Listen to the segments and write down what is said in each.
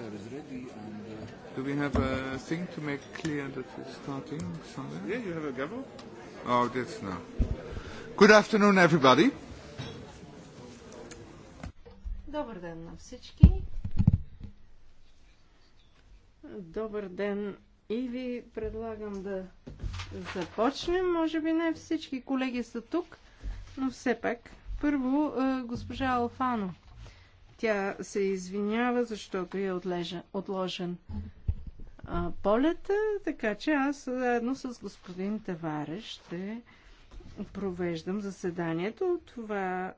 chair is ready and... Uh, Do we have a thing to make clear that we're starting somewhere? Yeah, you have a gavel. Oh, that's now. Good afternoon, everybody. Добър ден на всички. Добър ден и ви предлагам да започнем. Може би не всички колеги са тук, но все пак. Първо, госпожа Алфано. Тя се извинява, защото е отлежа, отложен а, полета, така че аз заедно с господин Таваре ще провеждам заседанието. Това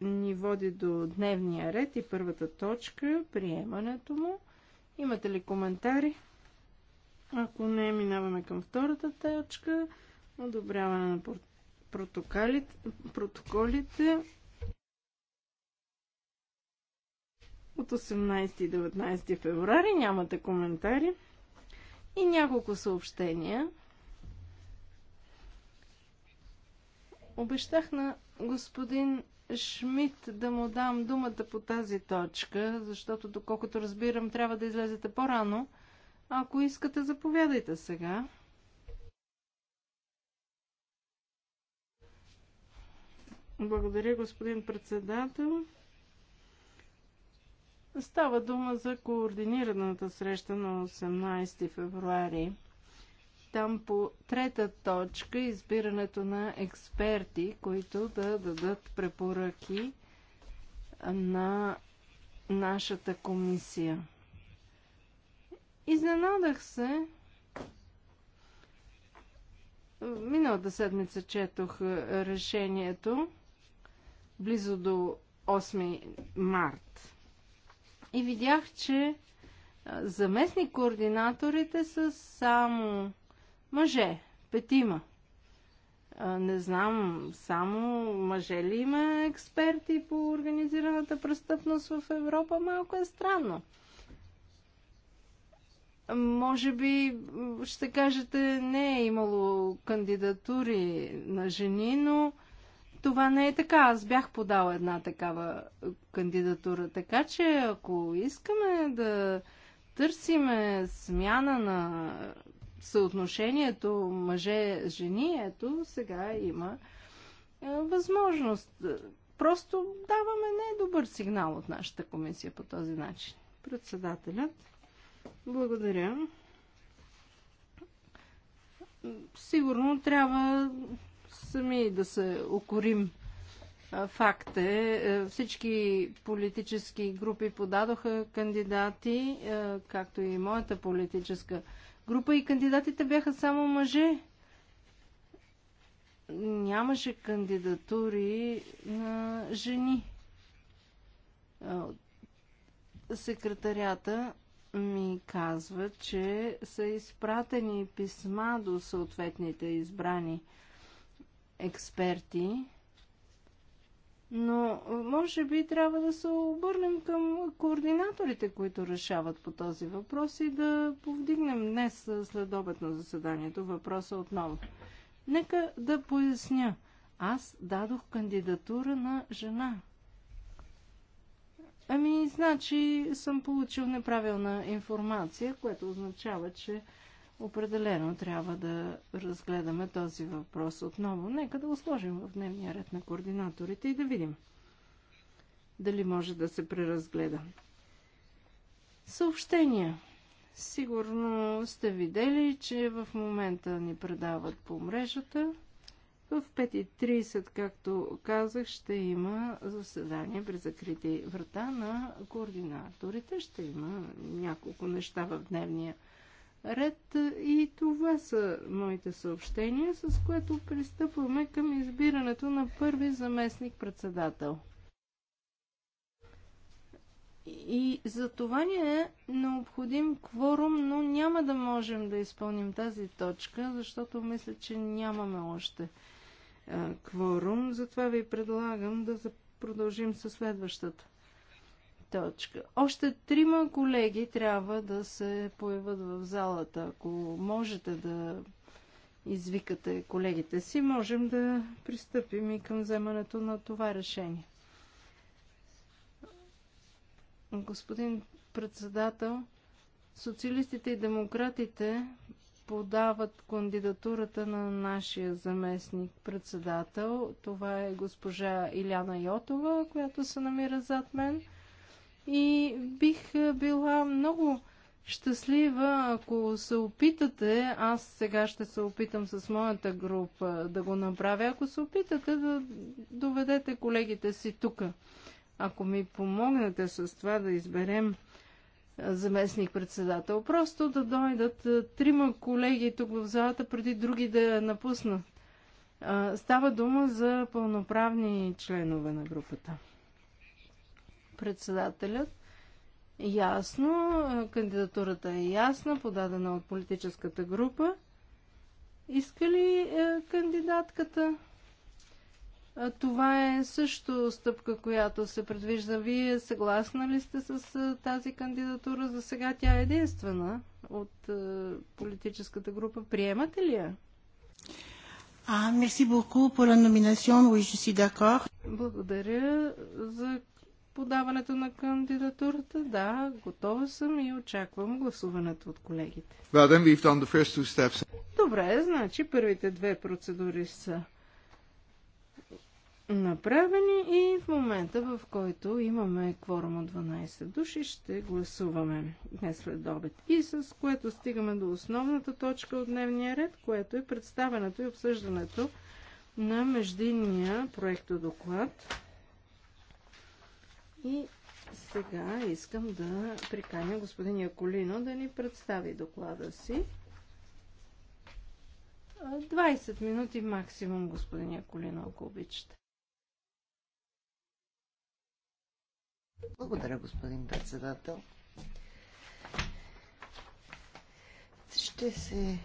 ни води до дневния ред и първата точка, приемането му. Имате ли коментари? Ако не, минаваме към втората точка. Одобряване на протоколите. от 18 и 19 феврари. Нямате коментари. И няколко съобщения. Обещах на господин Шмидт да му дам думата по тази точка, защото доколкото разбирам, трябва да излезете по-рано. Ако искате, заповядайте сега. Благодаря, господин председател. Става дума за координираната среща на 18 февруари. Там по трета точка избирането на експерти, които да дадат препоръки на нашата комисия. Изненадах се. Миналата седмица четох е, решението близо до 8 март и видях, че заместник координаторите са само мъже, петима. Не знам, само мъже ли има експерти по организираната престъпност в Европа? Малко е странно. Може би ще кажете, не е имало кандидатури на жени, но това не е така. Аз бях подала една такава кандидатура. Така че, ако искаме да търсиме смяна на съотношението мъже-жени, ето сега има е, възможност. Просто даваме недобър сигнал от нашата комисия по този начин. Председателят, благодаря. Сигурно трябва сами да се окорим. Факт е, е, всички политически групи подадоха кандидати, е, както и моята политическа група, и кандидатите бяха само мъже. Нямаше кандидатури на жени. Секретарята ми казва, че са изпратени писма до съответните избрани експерти, но може би трябва да се обърнем към координаторите, които решават по този въпрос и да повдигнем днес след обед на заседанието въпроса отново. Нека да поясня. Аз дадох кандидатура на жена. Ами, значи съм получил неправилна информация, което означава, че Определено трябва да разгледаме този въпрос отново. Нека да го сложим в дневния ред на координаторите и да видим дали може да се преразгледа. Съобщения. Сигурно сте видели, че в момента ни предават по мрежата. В 5.30, както казах, ще има заседание при закрити врата на координаторите. Ще има няколко неща в дневния ред ред. И това са моите съобщения, с което пристъпваме към избирането на първи заместник-председател. И за това ни е необходим кворум, но няма да можем да изпълним тази точка, защото мисля, че нямаме още е, кворум. Затова ви предлагам да продължим със следващата точка. Още трима колеги трябва да се появат в залата. Ако можете да извикате колегите си, можем да пристъпим и към вземането на това решение. Господин председател, социалистите и демократите подават кандидатурата на нашия заместник председател. Това е госпожа Иляна Йотова, която се намира зад мен – и бих е, била много щастлива, ако се опитате, аз сега ще се опитам с моята група да го направя, ако се опитате да доведете колегите си тук. Ако ми помогнете с това да изберем е, заместник-председател, просто да дойдат е, трима колеги тук в залата, преди други да я напуснат. Става дума за пълноправни членове на групата. Председателят Ясно, кандидатурата е ясна, подадена от политическата група. Иска ли е, кандидатката? Това е също стъпка, която се предвижда. Вие съгласна ли сте с е, тази кандидатура? За сега тя е единствена от е, политическата група. Приемате ли я? А, мерси Благодаря за подаването на кандидатурата. Да, готова съм и очаквам гласуването от колегите. Well, Добре, значи първите две процедури са направени и в момента, в който имаме кворум от 12 души, ще гласуваме днес след обед. И с което стигаме до основната точка от дневния ред, което е представенето и обсъждането на междинния проектодоклад и сега искам да приканя господин Яколино да ни представи доклада си. 20 минути максимум, господин Яколино, ако обичате. Благодаря, господин председател. Ще се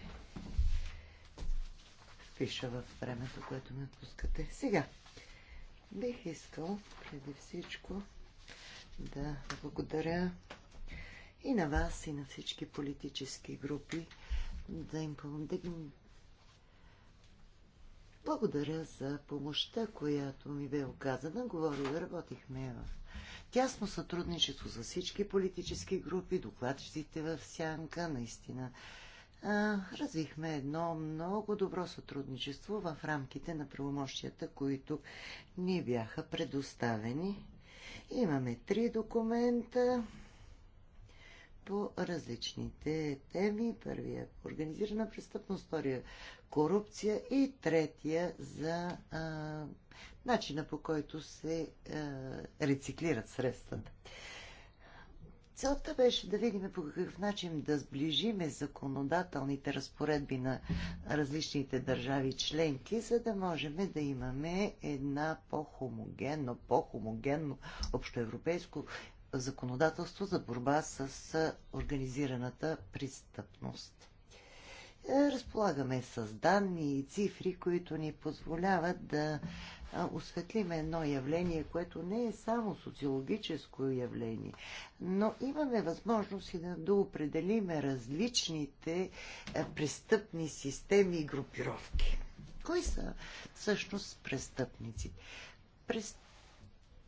впиша в времето, което ми отпускате. Сега бих искал преди всичко да благодаря и на вас, и на всички политически групи, да им помогнем. Благодаря за помощта, която ми бе оказана. Говори, работихме в тясно сътрудничество за всички политически групи, докладчиците в Сянка, наистина. А, развихме едно много добро сътрудничество в рамките на правомощията, които ни бяха предоставени. Имаме три документа по различните теми. Първия е – организирана престъпност, втория е – корупция и третия – за а, начина по който се а, рециклират средствата. Целта беше да видим по какъв начин да сближиме законодателните разпоредби на различните държави членки, за да можем да имаме една по-хомогенно, по-хомогенно общоевропейско законодателство за борба с организираната престъпност. Разполагаме с данни и цифри, които ни позволяват да осветлим едно явление, което не е само социологическо явление, но имаме възможност и да определим различните е, престъпни системи и групировки. Кои са всъщност престъпници. Престъпниците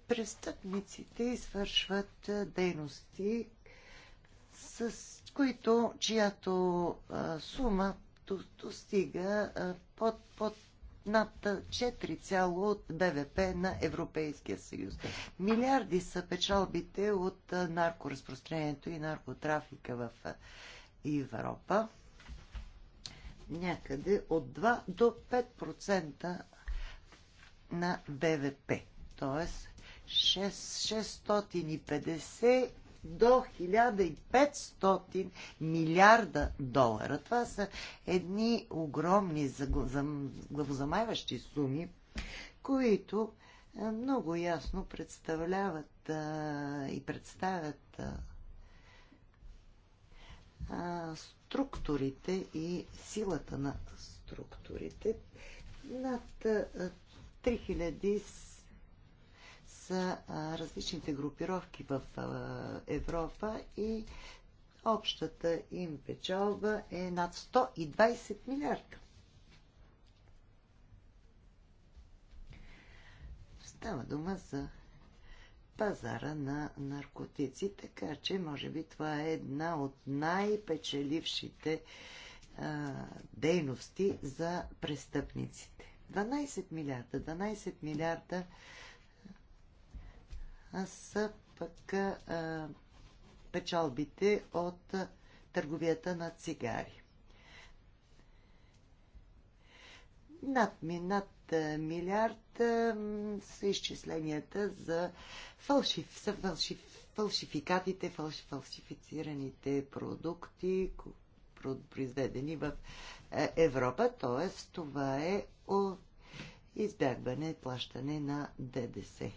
престъпниците извършват е, дейности, с които, чиято а, е, сума достига а, под, под над 4 от БВП на Европейския съюз. Милиарди са печалбите от наркоразпространението и наркотрафика в Европа. Някъде от 2 до 5% на БВП. Тоест 650 до 1500 милиарда долара. Това са едни огромни главозамайващи суми, които е, много ясно представляват а, е, и представят а, е, структурите и силата на структурите. Над а, за различните групировки в Европа и общата им печалба е над 120 милиарда. Става дума за пазара на наркотици, така че може би това е една от най-печелившите дейности за престъпниците. 12 милиарда, 12 милиарда са пък а, печалбите от а, търговията на цигари. Над, ми, над а, милиард а, са изчисленията за фалшиф, са фалшиф, фалшификатите, фалш, фалшифицираните продукти, произведени в а, Европа, т.е. това е о избягване плащане на ДДС.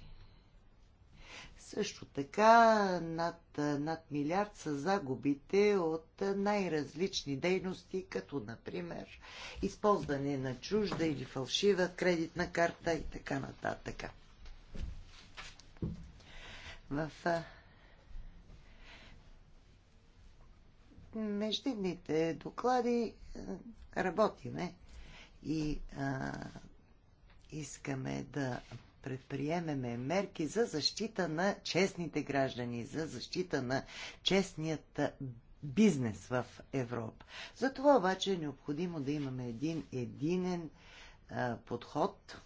Също така над, над милиард са загубите от най-различни дейности, като например използване на чужда или фалшива кредитна карта и така нататък. В междинните доклади работиме и а, искаме да предприемеме мерки за защита на честните граждани, за защита на честният бизнес в Европа. За това обаче е необходимо да имаме един единен а, подход,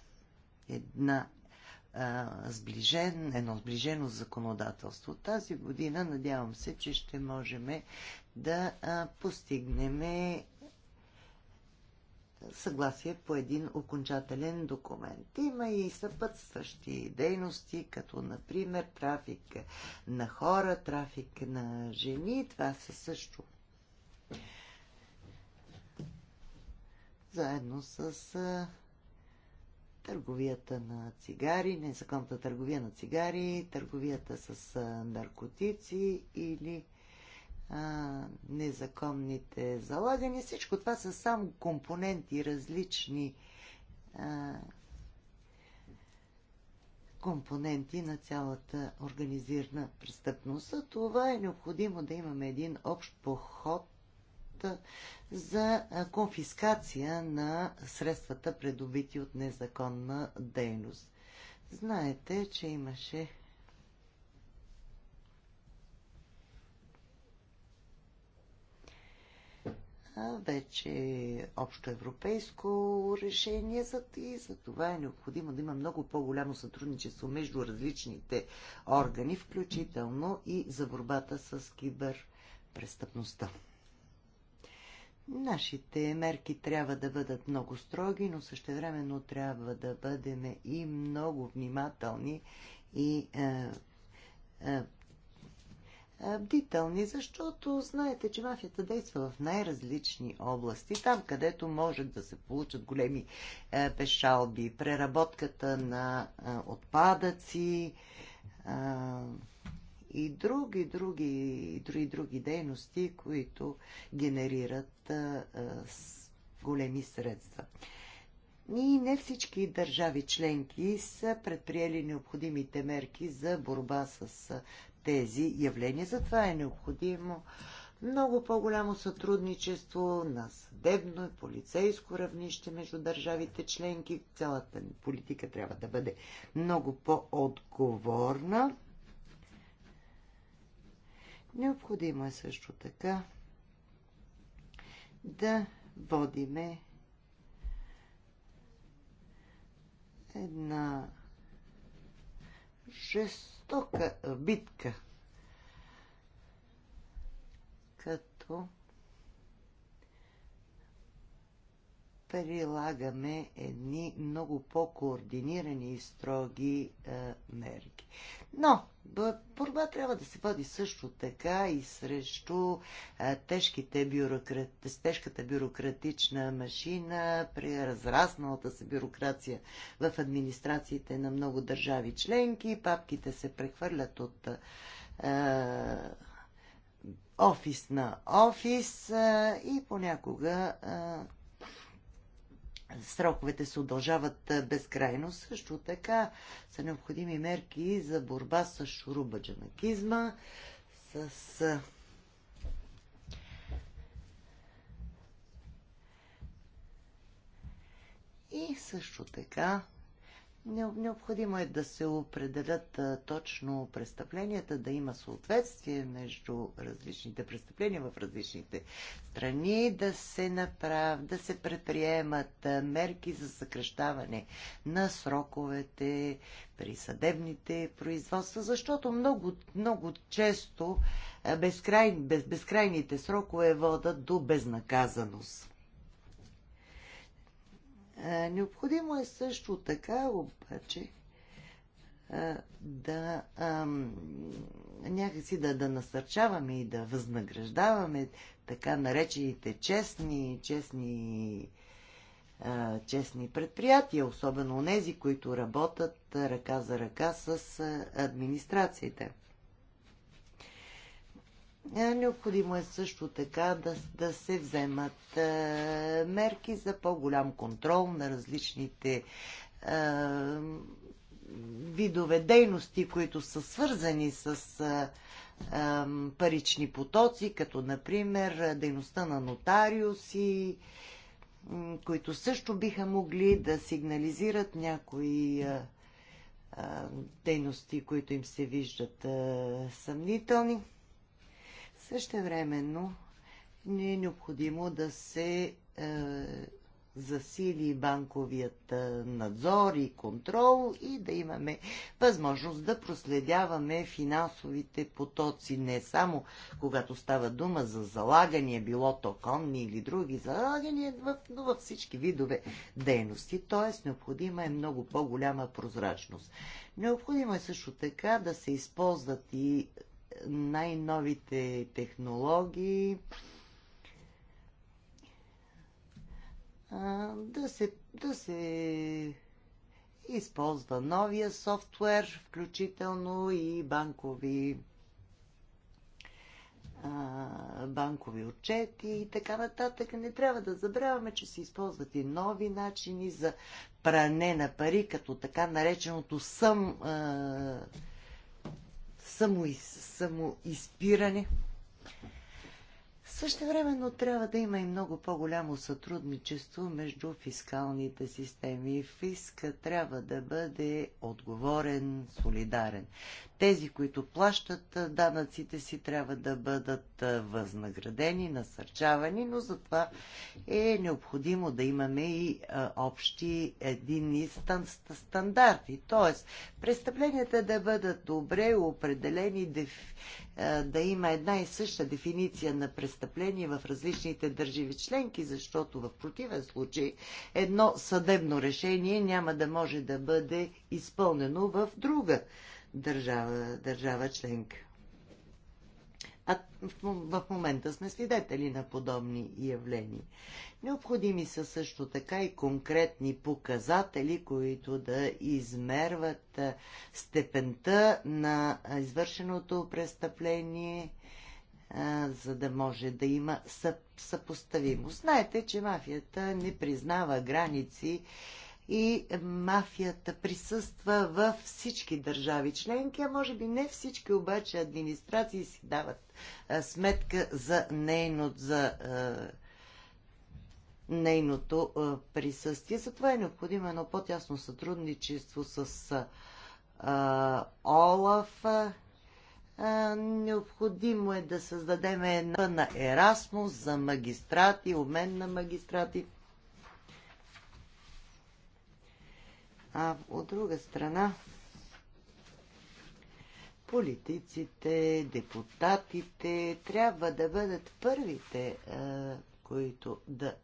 една сближен, едно сближено законодателство. Тази година надявам се, че ще можем да постигнем съгласие по един окончателен документ. Има и съпътстващи дейности, като например трафик на хора, трафик на жени. Това са също заедно с а, търговията на цигари, незаконната търговия на цигари, търговията с а, наркотици или а, незаконните залагания. Всичко това са само компоненти, различни а, компоненти на цялата организирана престъпност. За това е необходимо да имаме един общ поход за конфискация на средствата, предобити от незаконна дейност. Знаете, че имаше вече общо европейско решение за и за това е необходимо да има много по-голямо сътрудничество между различните органи, включително и за борбата с киберпрестъпността. Нашите мерки трябва да бъдат много строги, но същевременно трябва да бъдем и много внимателни и е, е, бдителни, защото знаете, че мафията действа в най-различни области, там където може да се получат големи пешалби, преработката на отпадъци и други, други, и други, други дейности, които генерират големи средства. И не всички държави членки са предприели необходимите мерки за борба с тези явления. Затова е необходимо много по-голямо сътрудничество на съдебно и полицейско равнище между държавите членки. Цялата политика трябва да бъде много по-отговорна. Необходимо е също така да водиме една жестока битка. Като прилагаме едни много по-координирани и строги е, мерки. Но борба трябва да се води също така и срещу е, тежките бюрократ... тежката бюрократична машина, при разрасналата се бюрокрация в администрациите на много държави членки. Папките се прехвърлят от е, офис на офис е, и понякога е, сроковете се удължават безкрайно. Също така са необходими мерки за борба с Шуруба Джанакизма. с и също така Необходимо е да се определят точно престъпленията, да има съответствие между различните престъпления в различните страни, да се направ, да се предприемат мерки за съкрещаване на сроковете при съдебните производства, защото много, много често безкрай, без, безкрайните срокове водат до безнаказаност. Необходимо е също така обаче да някакси да, да насърчаваме и да възнаграждаваме така наречените честни, честни, честни предприятия, особено онези, които работят ръка за ръка с администрациите. Е, необходимо е също така да, да се вземат е, мерки за по-голям контрол на различните е, видове дейности, които са свързани с е, е парични потоци, като например дейността на нотариуси, които също биха могли да сигнализират някои е, дейности, които им се виждат съмнителни. Същевременно не е необходимо да се е, засили банковият е, надзор и контрол и да имаме възможност да проследяваме финансовите потоци не само когато става дума за залагания, било то конни или други залагания, но във всички видове дейности. Т.е. необходима е много по-голяма прозрачност. Необходимо е също така да се използват и най-новите технологии, да се, да се използва новия софтуер, включително и банкови банкови отчети и така нататък. Не трябва да забравяме, че се използват и нови начини за пране на пари, като така нареченото сам, а, самоиз, самоизпиране. Същевременно трябва да има и много по-голямо сътрудничество между фискалните системи. Фиска трябва да бъде отговорен, солидарен тези, които плащат данъците си, трябва да бъдат възнаградени, насърчавани, но затова е необходимо да имаме и общи единни стандарти. Тоест, престъпленията да бъдат добре определени, да има една и съща дефиниция на престъпление в различните държави членки, защото в противен случай едно съдебно решение няма да може да бъде изпълнено в друга държава, държава членка. А в момента сме свидетели на подобни явления. Необходими са също така и конкретни показатели, които да измерват степента на извършеното престъпление, за да може да има съпоставимост. Знаете, че мафията не признава граници и мафията присъства във всички държави членки, а може би не всички, обаче администрации си дават а, сметка за, нейно, за а, нейното а, присъствие. Затова е необходимо едно по-тясно сътрудничество с а, Олаф. А, необходимо е да създадем една на Ерасмус за магистрати, обмен на магистрати А от друга страна, политиците, депутатите трябва да бъдат първите, е, които да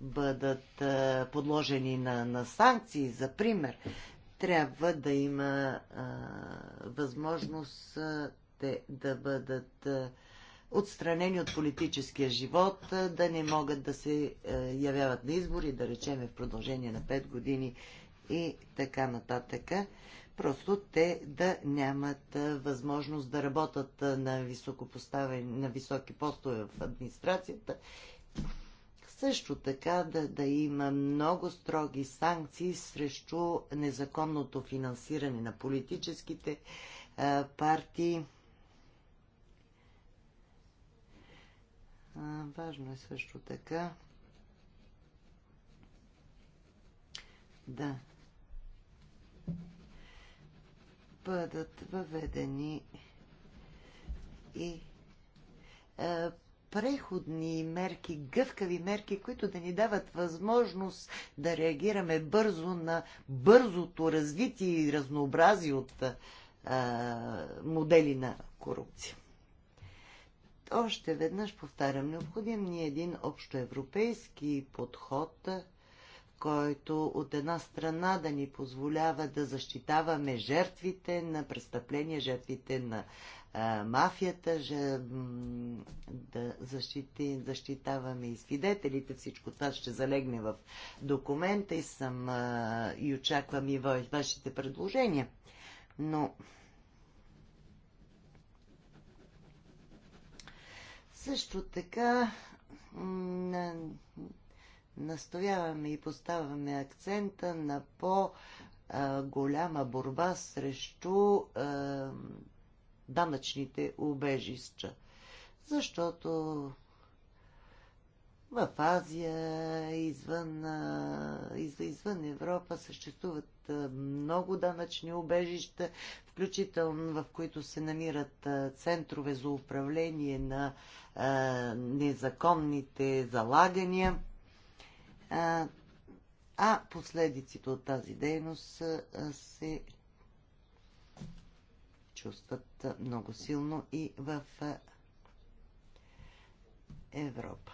бъдат е, подложени на, на санкции, за пример. Трябва да има а, е, възможност а, те да бъдат а, отстранени от политическия живот, да не могат да се явяват на избори, да речеме в продължение на 5 години и така нататък. Просто те да нямат възможност да работят на, на високи постове в администрацията. Също така да, да има много строги санкции срещу незаконното финансиране на политическите а, партии. А, важно е също така да бъдат въведени и е, преходни мерки, гъвкави мерки, които да ни дават възможност да реагираме бързо на бързото развитие и разнообразие от е, модели на корупция. Още веднъж повтарям, необходим ни е един общоевропейски подход – който от една страна да ни позволява да защитаваме жертвите на престъпления, жертвите на а, мафията, же, да защити, защитаваме и свидетелите. Всичко това ще залегне в документа и, съм, а, и очаквам и вашите предложения. Но също така настояваме и поставяме акцента на по-голяма борба срещу е, данъчните убежища. Защото в Азия, извън, е, извън Европа съществуват е, много данъчни убежища, включително в които се намират центрове за управление на незаконните залагания – а последиците от тази дейност се чувстват много силно и в Европа.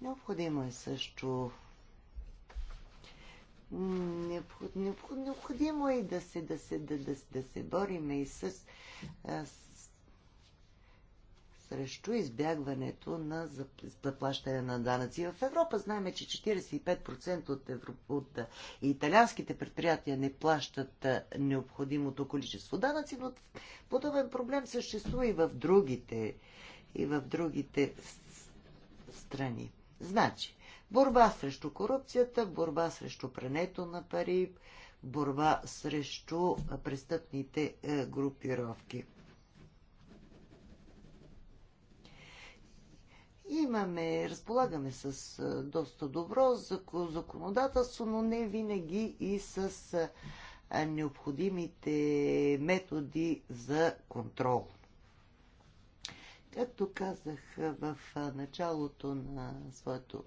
Необходимо е също Необходимо е да се, да се, да, да, да се бориме и с, с срещу избягването на заплащане на данъци. В Европа знаем, че 45% от, евро... от италианските предприятия не плащат необходимото количество данъци, но подобен проблем съществува и в другите, и в другите страни. Значи, борба срещу корупцията, борба срещу прането на пари, борба срещу престъпните групировки. Имаме, разполагаме с доста добро законодателство, но не винаги и с необходимите методи за контрол. Както казах в началото на своето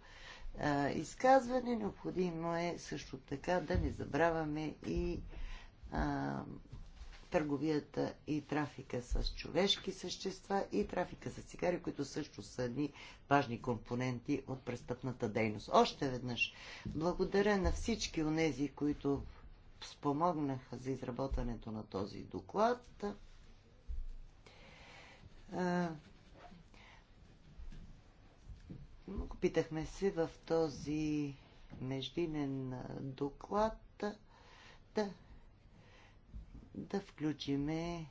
изказване, необходимо е също така да не забравяме и търговията и трафика с човешки същества и трафика с цигари, които също са едни важни компоненти от престъпната дейност. Още веднъж благодаря на всички онези, които спомогнаха за изработването на този доклад. Опитахме се в този междинен доклад да да включиме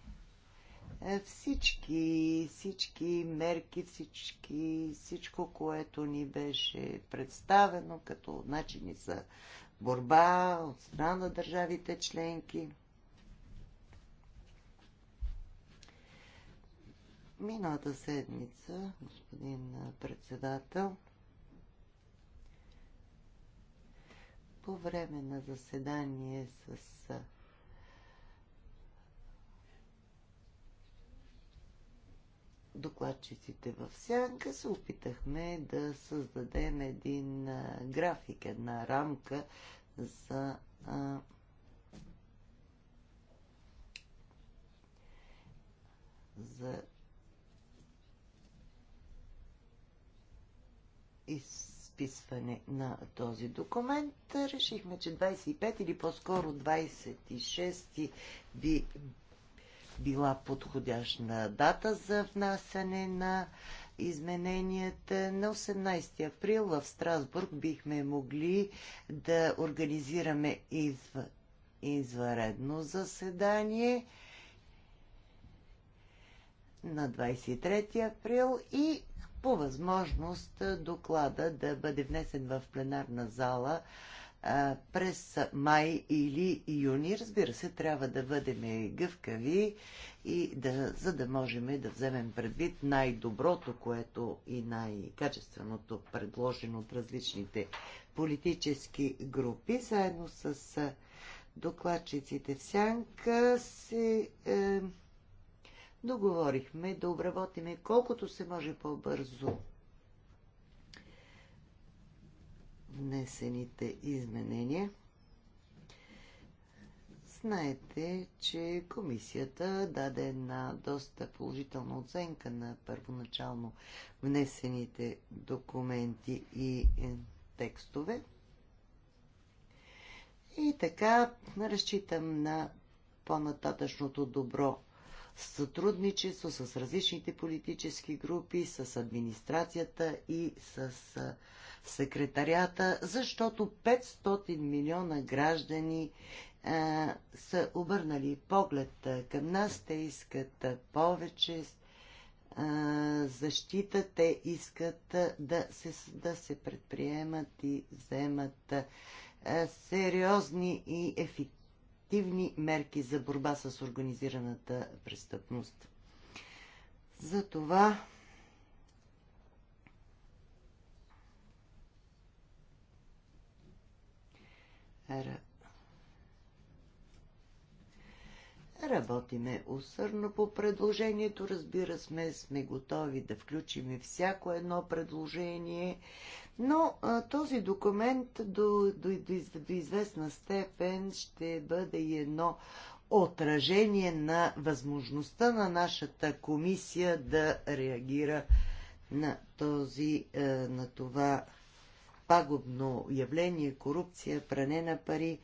е, всички, всички мерки, всички, всичко, което ни беше представено като начини за борба от страна на държавите членки. Миналата седмица, господин председател, по време на заседание с докладчиците в сянка се опитахме да създадем един график, една рамка за за изписване на този документ. Решихме, че 25 или по-скоро 26 би била подходящна дата за внасяне на измененията. На 18 април в Страсбург бихме могли да организираме изв... извънредно заседание на 23 април и по възможност доклада да бъде внесен в пленарна зала през май или юни. Разбира се, трябва да бъдем гъвкави и да, за да можем да вземем предвид най-доброто, което и най-качественото предложено от различните политически групи, заедно с докладчиците в сянка се е, договорихме да обработиме колкото се може по-бързо внесените изменения. Знаете, че комисията даде една доста положителна оценка на първоначално внесените документи и е, текстове. И така разчитам на по-нататъчното добро сътрудничество с различните политически групи, с администрацията и с е, секретарията, защото 500 милиона граждани а, са обърнали поглед към нас. Те искат повече а, защита, те искат да се, да се предприемат и вземат а, сериозни и ефективни мерки за борба с организираната престъпност. Затова Работиме усърно по предложението. Разбира сме, сме готови да включим всяко едно предложение, но а, този документ до, до, до, до известна степен ще бъде и едно отражение на възможността на нашата комисия да реагира на, този, е, на това пагубно явление корупция, пране на пари,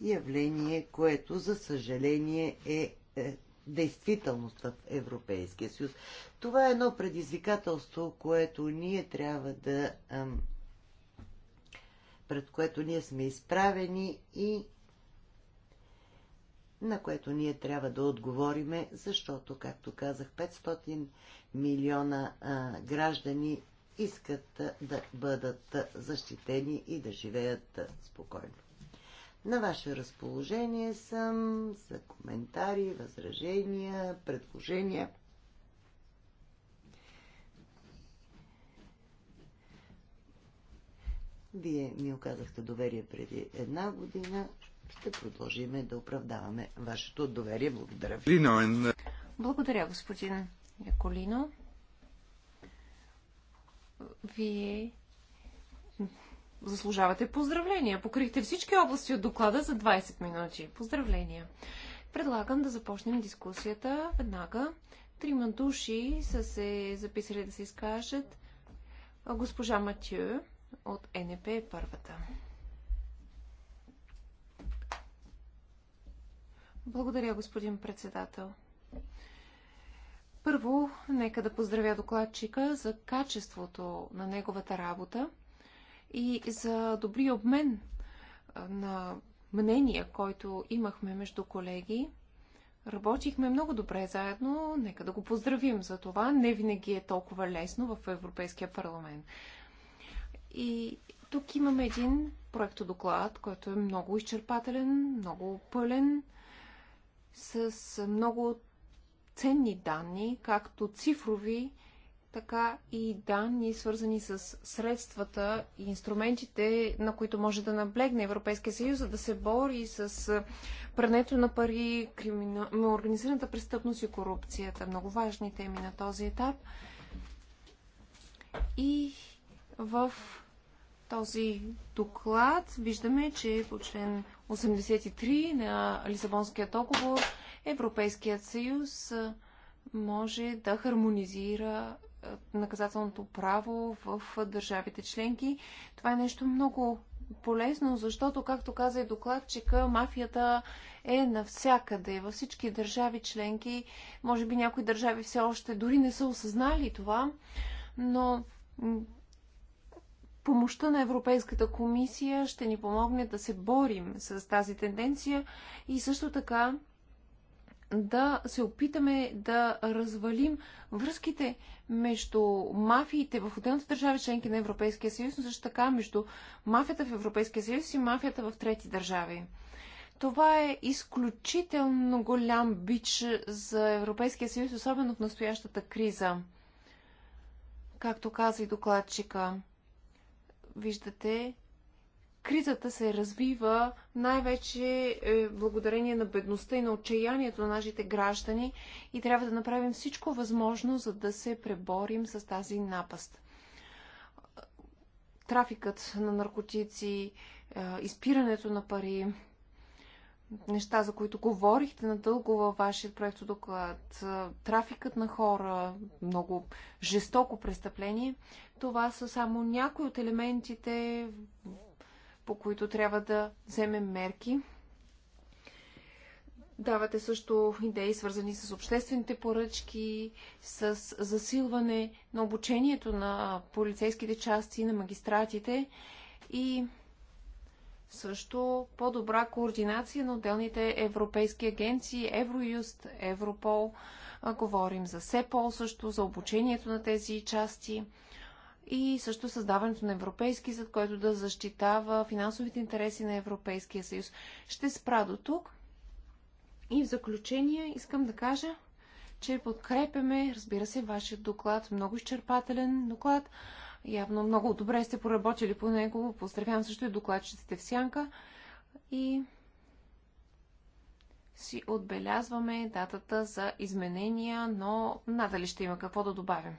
явление, което за съжаление е, е действителност в Европейския съюз. Това е едно предизвикателство, което ние трябва да. пред което ние сме изправени и на което ние трябва да отговориме, защото, както казах, 500 милиона а, граждани искат да бъдат защитени и да живеят спокойно. На ваше разположение съм за коментари, възражения, предложения. Вие ми оказахте доверие преди една година. Ще продължиме да оправдаваме вашето доверие. Благодаря ви. Благодаря, господин Яколино. Вие заслужавате поздравления. Покрихте всички области от доклада за 20 минути. Поздравления! Предлагам да започнем дискусията веднага. Трима души са се записали да се изкажат. Госпожа Матю от НП е първата. Благодаря, господин председател. Първо, нека да поздравя докладчика за качеството на неговата работа и за добри обмен на мнения, който имахме между колеги. Работихме много добре заедно. Нека да го поздравим за това. Не винаги е толкова лесно в Европейския парламент. И тук имаме един проектодоклад, който е много изчерпателен, много пълен, с много ценни данни, както цифрови, така и данни, свързани с средствата и инструментите, на които може да наблегне Европейския съюз, за да се бори с прането на пари, кримина... организираната престъпност и корупцията. Много важни теми на този етап. И в този доклад виждаме, че по член 83 на Лисабонския договор Европейският съюз може да хармонизира наказателното право в държавите членки. Това е нещо много полезно, защото, както каза и докладчика, мафията е навсякъде, във всички държави членки. Може би някои държави все още дори не са осъзнали това, но помощта на Европейската комисия ще ни помогне да се борим с тази тенденция и също така да се опитаме да развалим връзките между мафиите в отделните държави членки на Европейския съюз, но също така между мафията в Европейския съюз и мафията в трети държави. Това е изключително голям бич за Европейския съюз, особено в настоящата криза. Както каза и докладчика, виждате, кризата се развива най-вече е, благодарение на бедността и на отчаянието на нашите граждани и трябва да направим всичко възможно, за да се преборим с тази напаст. Трафикът на наркотици, е, изпирането на пари, неща, за които говорихте надълго във вашия проект доклад, е, трафикът на хора, много жестоко престъпление, това са само някои от елементите, по които трябва да вземем мерки. Давате също идеи, свързани с обществените поръчки, с засилване на обучението на полицейските части, на магистратите и също по-добра координация на отделните европейски агенции, Евроюст, Европол. Говорим за СЕПОЛ също, за обучението на тези части и също създаването на Европейски съд, който да защитава финансовите интереси на Европейския съюз. Ще спра до тук. И в заключение искам да кажа, че подкрепяме, разбира се, вашия доклад, много изчерпателен доклад. Явно много добре сте поработили по него. Поздравявам също и докладчиците в сянка. И си отбелязваме датата за изменения, но надали ще има какво да добавим.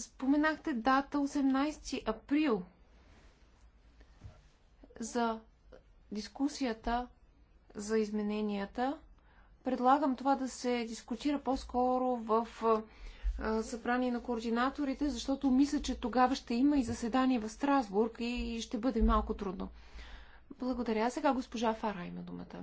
Споменахте дата 18 април за дискусията за измененията. Предлагам това да се дискутира по-скоро в събрание на координаторите, защото мисля, че тогава ще има и заседание в Страсбург и ще бъде малко трудно. Благодаря. Сега госпожа Фара има думата.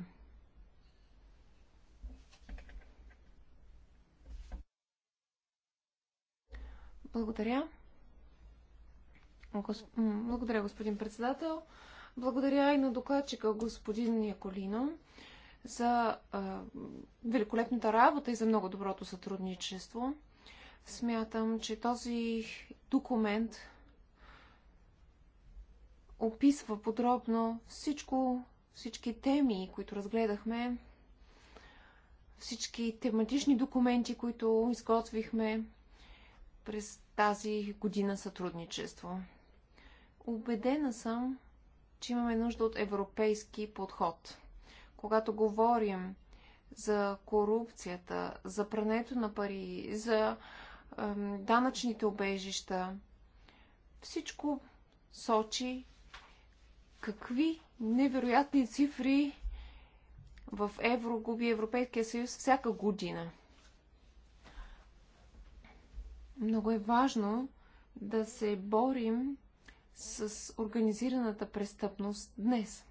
Благодаря. Благодаря, господин председател. Благодаря и на докладчика господин Яколино за а, великолепната работа и за много доброто сътрудничество. Смятам, че този документ описва подробно всичко, всички теми, които разгледахме, всички тематични документи, които изготвихме през тази година сътрудничество. Убедена съм, че имаме нужда от европейски подход. Когато говорим за корупцията, за прането на пари, за е, данъчните обежища, всичко сочи какви невероятни цифри в евро губи Европейския съюз всяка година – много е важно да се борим с организираната престъпност днес.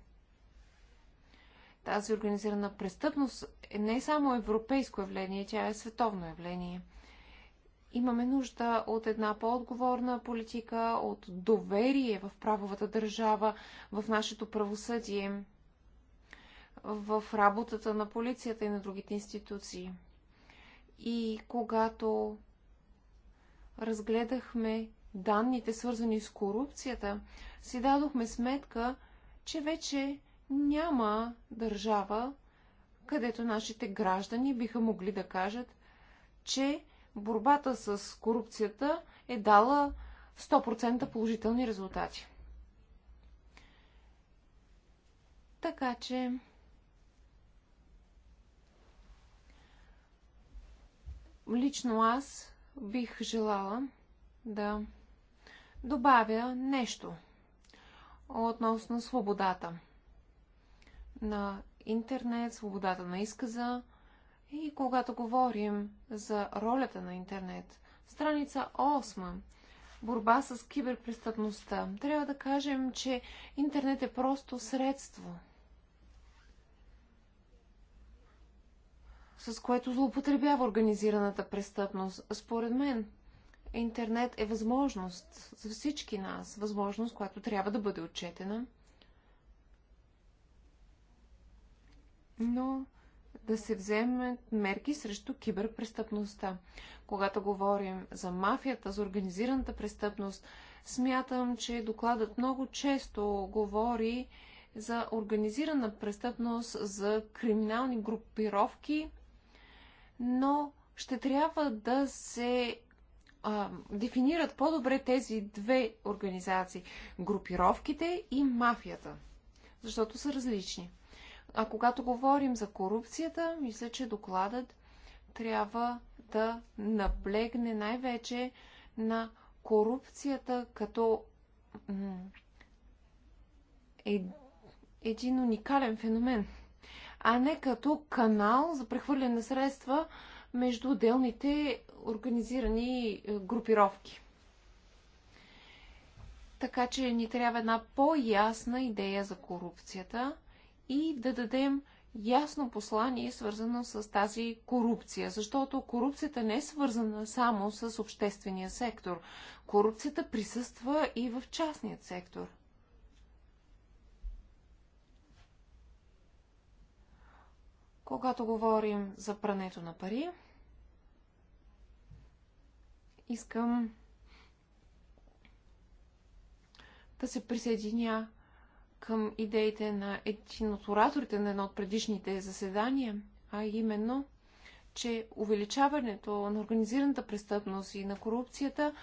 Тази организирана престъпност е не само европейско явление, тя е световно явление. Имаме нужда от една по-отговорна политика, от доверие в правовата държава, в нашето правосъдие, в работата на полицията и на другите институции. И когато разгледахме данните, свързани с корупцията, си дадохме сметка, че вече няма държава, където нашите граждани биха могли да кажат, че борбата с корупцията е дала 100% положителни резултати. Така че. Лично аз бих желала да добавя нещо относно свободата на интернет, свободата на изказа и когато говорим за ролята на интернет. Страница 8. Борба с киберпрестъпността. Трябва да кажем, че интернет е просто средство – с което злоупотребява организираната престъпност. Според мен, интернет е възможност за всички нас, възможност, която трябва да бъде отчетена. Но да се вземат мерки срещу киберпрестъпността. Когато говорим за мафията, за организираната престъпност, смятам, че докладът много често говори за организирана престъпност, за криминални групировки – но ще трябва да се а, дефинират по-добре тези две организации групировките и мафията, защото са различни. А когато говорим за корупцията, мисля, че докладът трябва да наблегне най-вече на корупцията като е, един уникален феномен а не като канал за прехвърляне на средства между отделните организирани е, групировки. Така че ни трябва една по-ясна идея за корупцията и да дадем ясно послание, свързано с тази корупция. Защото корупцията не е свързана само с обществения сектор. Корупцията присъства и в частният сектор – Когато говорим за прането на пари, искам да се присъединя към идеите на един от ораторите на едно от предишните заседания, а именно, че увеличаването на организираната престъпност и на корупцията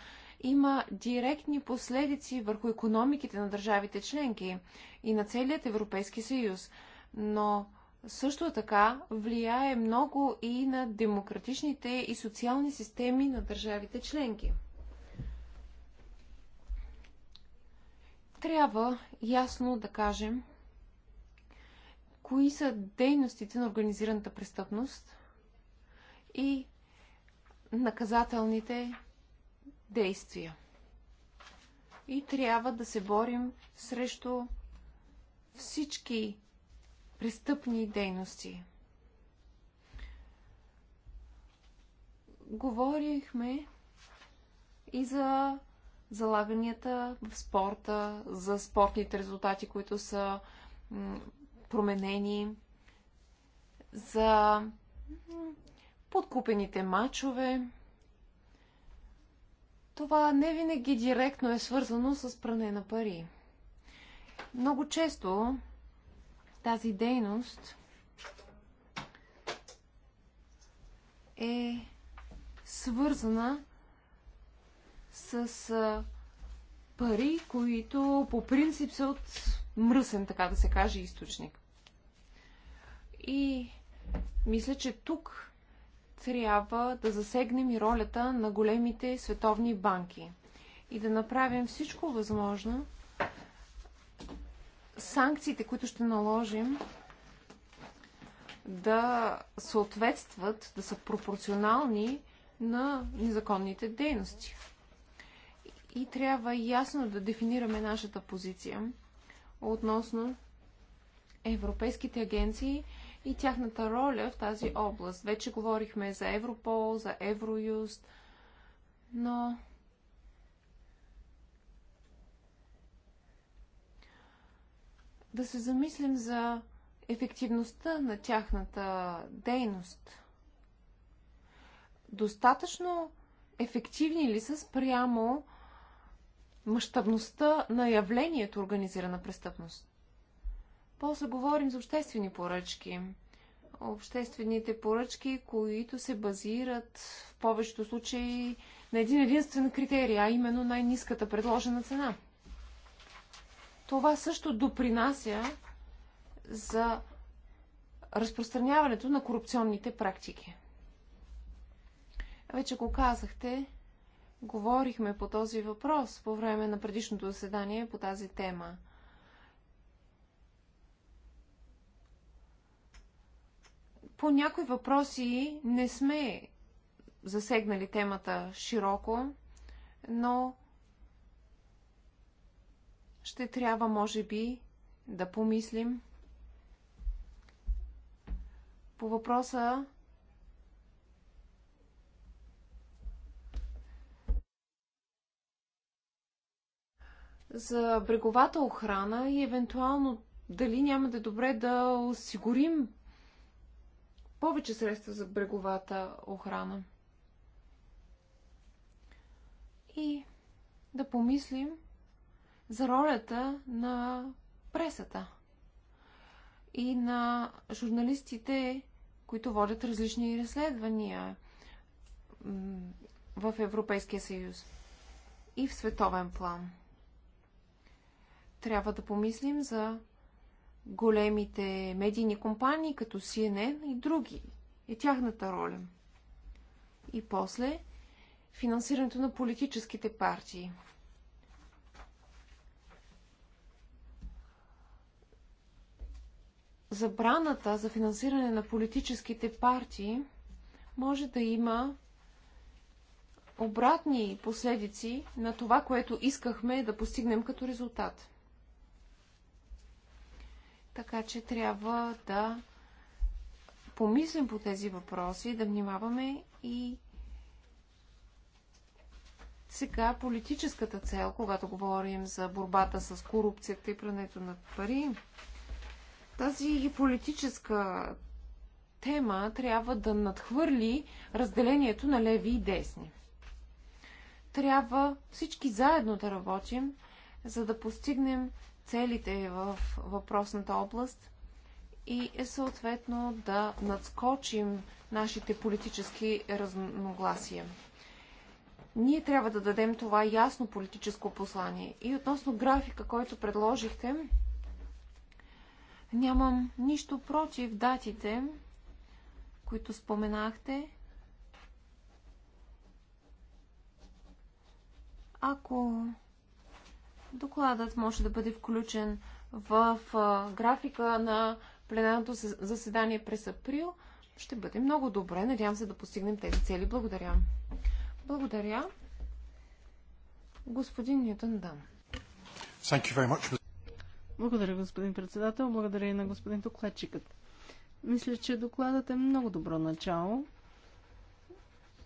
има директни последици върху економиките на държавите членки и на целият Европейски съюз. Но също така влияе много и на демократичните и социални системи на държавите членки. Трябва ясно да кажем кои са дейностите на организираната престъпност и наказателните действия. И трябва да се борим срещу всички престъпни дейности. Говорихме и за залаганията в спорта, за спортните резултати, които са променени, за подкупените матчове. Това не винаги директно е свързано с пране на пари. Много често тази дейност е свързана с пари, които по принцип са от мръсен, така да се каже, източник. И мисля, че тук трябва да засегнем и ролята на големите световни банки и да направим всичко възможно, санкциите, които ще наложим, да съответстват, да са пропорционални на незаконните дейности. И трябва ясно да дефинираме нашата позиция относно европейските агенции и тяхната роля в тази област. Вече говорихме за Европол, за Евроюст, но да се замислим за ефективността на тяхната дейност. Достатъчно ефективни ли са спрямо мащабността на явлението организирана престъпност? После говорим за обществени поръчки. Обществените поръчки, които се базират в повечето случаи на един единствен критерий, а именно най-низката предложена цена – това също допринася за разпространяването на корупционните практики. Вече го казахте, говорихме по този въпрос по време на предишното заседание по тази тема. По някои въпроси не сме засегнали темата широко, но ще трябва, може би, да помислим по въпроса за бреговата охрана и евентуално дали няма да е добре да осигурим повече средства за бреговата охрана. И да помислим за ролята на пресата и на журналистите, които водят различни разследвания в Европейския съюз и в световен план. Трябва да помислим за големите медийни компании, като CNN и други, и тяхната роля. И после финансирането на политическите партии. забраната за финансиране на политическите партии може да има обратни последици на това, което искахме да постигнем като резултат. Така че трябва да помислим по тези въпроси, да внимаваме и сега политическата цел, когато говорим за борбата с корупцията и прането на пари, тази политическа тема трябва да надхвърли разделението на леви и десни. Трябва всички заедно да работим, за да постигнем целите в въпросната област и е, съответно да надскочим нашите политически разногласия. Ние трябва да дадем това ясно политическо послание. И относно графика, който предложихте, Нямам нищо против датите, които споменахте. Ако докладът може да бъде включен в графика на пленарното заседание през април, ще бъде много добре. Надявам се да постигнем тези цели. Благодаря. Благодаря. Господин Ньютон Дан. Благодаря, господин председател. Благодаря и на господин докладчикът. Мисля, че докладът е много добро начало.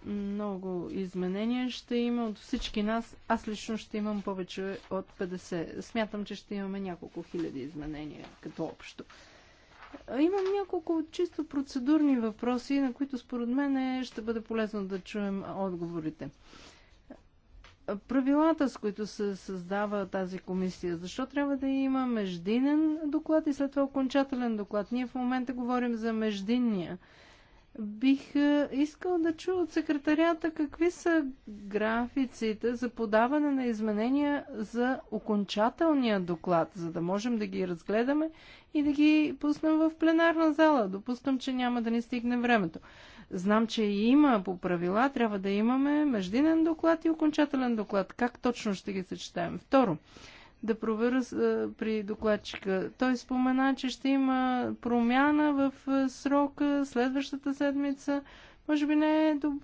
Много изменения ще има от всички нас. Аз лично ще имам повече от 50. Смятам, че ще имаме няколко хиляди изменения като общо. Имам няколко чисто процедурни въпроси, на които според мен е, ще бъде полезно да чуем отговорите правилата, с които се създава тази комисия? Защо трябва да има междинен доклад и след това окончателен доклад? Ние в момента говорим за междинния. Бих е, искал да чу от секретарията какви са графиците за подаване на изменения за окончателния доклад, за да можем да ги разгледаме и да ги пуснем в пленарна зала. Допускам, че няма да ни стигне времето. Знам, че има по правила, трябва да имаме междинен доклад и окончателен доклад. Как точно ще ги съчетаем? Второ, да проверя при докладчика. Той спомена, че ще има промяна в срока следващата седмица. Може би не е доб...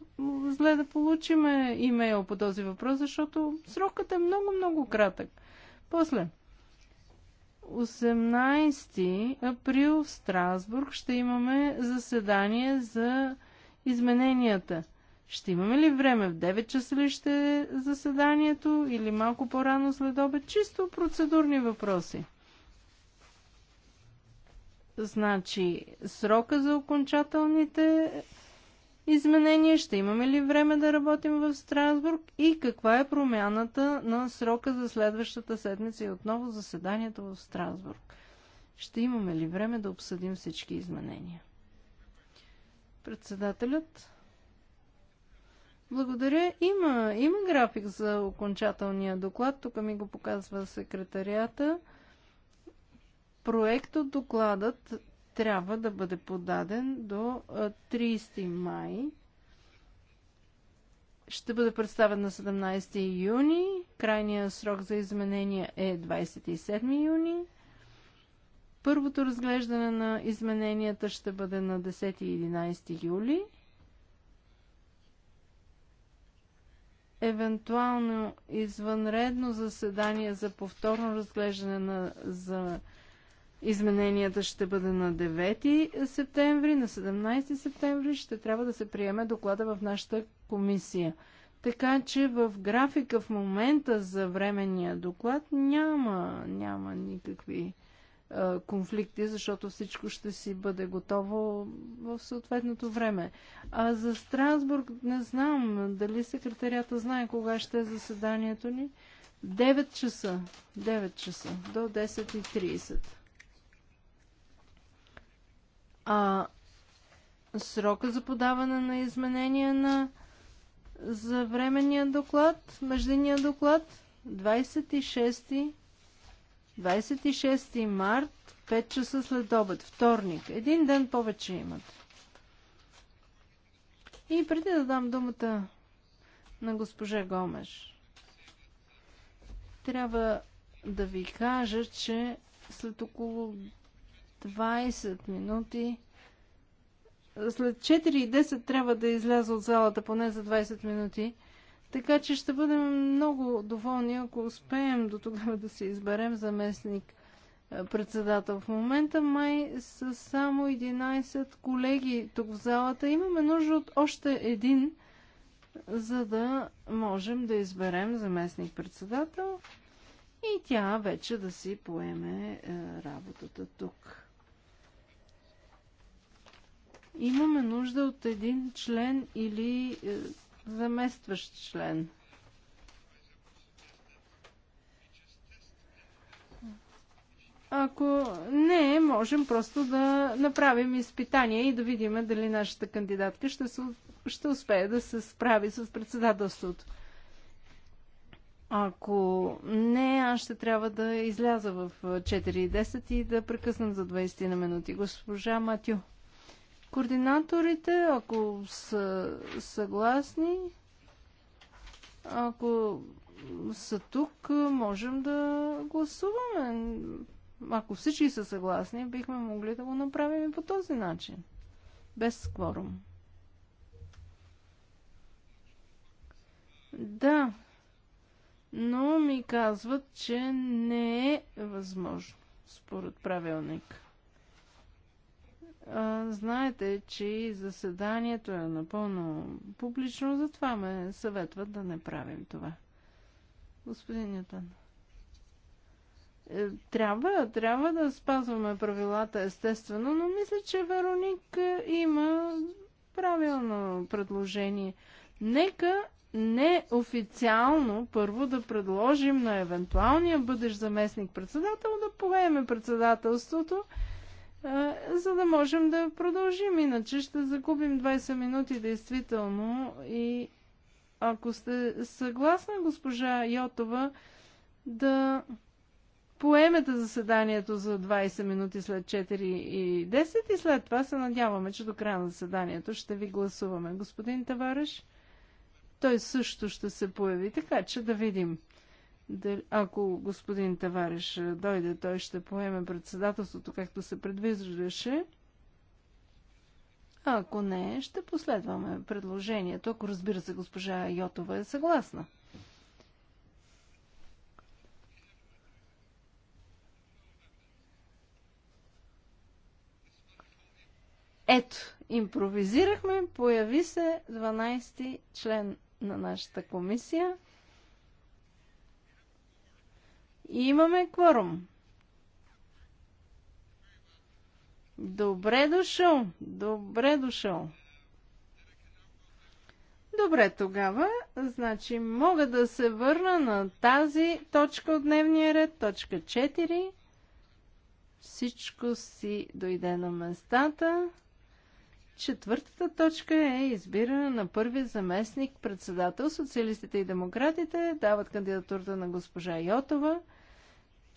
зле да получим имейл по този въпрос, защото срокът е много-много кратък. После, 18 април в Страсбург ще имаме заседание за измененията. Ще имаме ли време? В 9 часа ли ще е заседанието или малко по-рано след обед? Чисто процедурни въпроси. Значи, срока за окончателните изменения, ще имаме ли време да работим в Страсбург и каква е промяната на срока за следващата седмица и отново заседанието в Страсбург. Ще имаме ли време да обсъдим всички изменения? Председателят. Благодаря. Има, има график за окончателния доклад. Тук ми го показва секретарията. Проект от докладът трябва да бъде подаден до 30 май. Ще бъде представен на 17 юни. Крайният срок за изменения е 27 юни. Първото разглеждане на измененията ще бъде на 10 и 11 юли. Евентуално извънредно заседание за повторно разглеждане на за измененията ще бъде на 9 септември. На 17 септември ще трябва да се приеме доклада в нашата комисия. Така че в графика в момента за временния доклад няма, няма никакви конфликти, защото всичко ще си бъде готово в съответното време. А за Страсбург не знам дали секретарията знае кога ще е заседанието ни. 9 часа. 9 часа. До 10.30. А срока за подаване на изменения на за временния доклад, междинния доклад, 26 26 март, 5 часа след обед, вторник. Един ден повече имат. И преди да дам думата на госпожа Гомеш, трябва да ви кажа, че след около 20 минути, след 4 и 10 трябва да изляза от залата поне за 20 минути, така че ще бъдем много доволни, ако успеем до тогава да се изберем заместник е, председател. В момента май са само 11 колеги тук в залата. Имаме нужда от още един, за да можем да изберем заместник председател и тя вече да си поеме е, работата тук. Имаме нужда от един член или е, заместващ член. Ако не, можем просто да направим изпитание и да видим дали нашата кандидатка ще, се, ще успее да се справи с председателството. Ако не, аз ще трябва да изляза в 4.10 и да прекъснам за 20 на минути. Госпожа Матю. Координаторите, ако са съгласни, ако са тук, можем да гласуваме. Ако всички са съгласни, бихме могли да го направим и по този начин. Без кворум. Да, но ми казват, че не е възможно, според правилника знаете, че заседанието е напълно публично, затова ме съветват да не правим това. Господин Нютон. Е, трябва, трябва да спазваме правилата, естествено, но мисля, че Вероник е, има правилно предложение. Нека неофициално първо да предложим на евентуалния бъдещ заместник председател да поеме председателството за да можем да продължим. Иначе ще загубим 20 минути действително и ако сте съгласна, госпожа Йотова, да поемете заседанието за 20 минути след 4 и 10 и след това се надяваме, че до края на заседанието ще ви гласуваме. Господин Тавареш, той също ще се появи, така че да видим. Ако господин Тавареш е, дойде, той ще поеме председателството, както се предвиждаше. А ако не, ще последваме предложението, ако разбира се госпожа Йотова е съгласна. Ето, импровизирахме, появи се 12 ти член на нашата комисия – и имаме кворум. Добре дошъл! Добре дошъл! Добре, тогава, значи мога да се върна на тази точка от дневния ред, точка 4. Всичко си дойде на местата. Четвъртата точка е избиране на първи заместник председател. Социалистите и демократите дават кандидатурата на госпожа Йотова –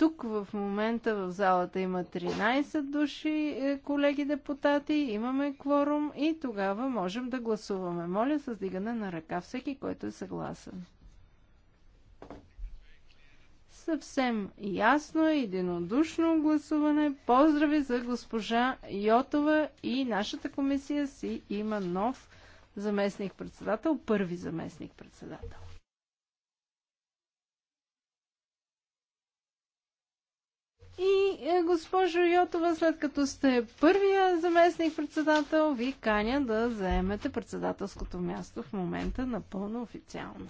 тук в момента в залата има 13 души е, колеги депутати, имаме кворум и тогава можем да гласуваме. Моля с дигане на ръка всеки, който е съгласен. Съвсем ясно и е, единодушно гласуване. Поздрави за госпожа Йотова и нашата комисия си има нов заместник-председател, първи заместник-председател. И е, госпожо Йотова, след като сте първия заместник председател, ви каня да заемете председателското място в момента напълно официално.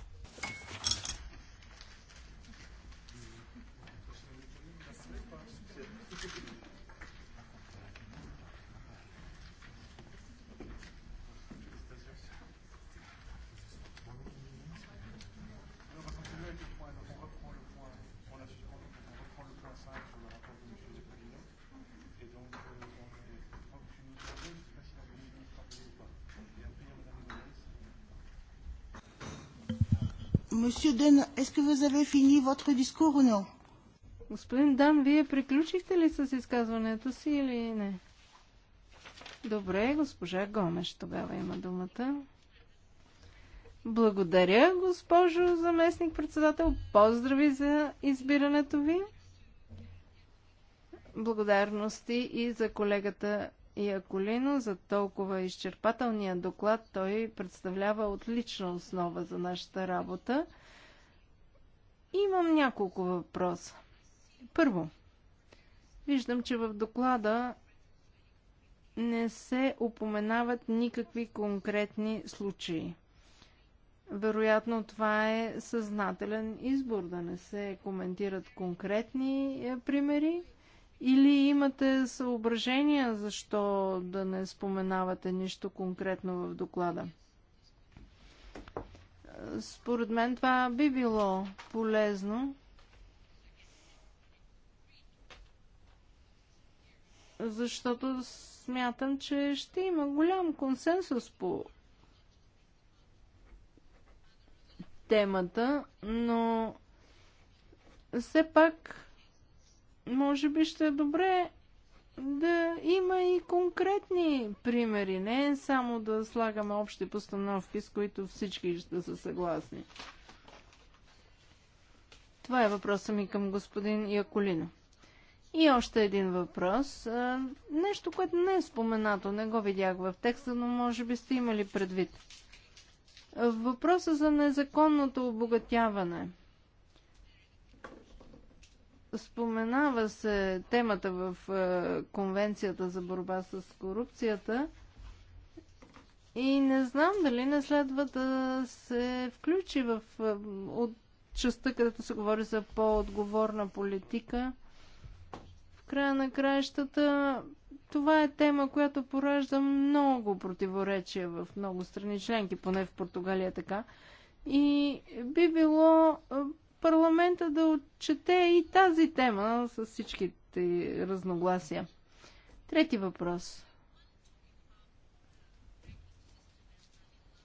Monsieur Ден, est-ce que vous avez fini votre discours ou non? Господин Дан, вие приключихте ли с изказването си или не? Добре, госпожа Гомеш тогава има думата. Благодаря, госпожо заместник-председател. Поздрави за избирането ви. Благодарности и за колегата и, ако Лино за толкова изчерпателния доклад. Той представлява отлична основа за нашата работа. Имам няколко въпроса. Първо, виждам, че в доклада не се упоменават никакви конкретни случаи. Вероятно това е съзнателен избор, да не се коментират конкретни е, примери, или имате съображения защо да не споменавате нищо конкретно в доклада? Според мен това би било полезно. Защото смятам, че ще има голям консенсус по темата, но все пак може би ще е добре да има и конкретни примери, не само да слагаме общи постановки, с които всички ще са съгласни. Това е въпросът ми към господин Яколино. И още един въпрос. Нещо, което не е споменато, не го видях в текста, но може би сте имали предвид. Въпросът за незаконното обогатяване – Споменава се темата в е, Конвенцията за борба с корупцията и не знам дали не следва да се включи в е, от частта, където се говори за по-отговорна политика. В края на краищата това е тема, която поражда много противоречия в много страни членки, поне в Португалия е така. И би било парламента да отчете и тази тема с всичките разногласия. Трети въпрос.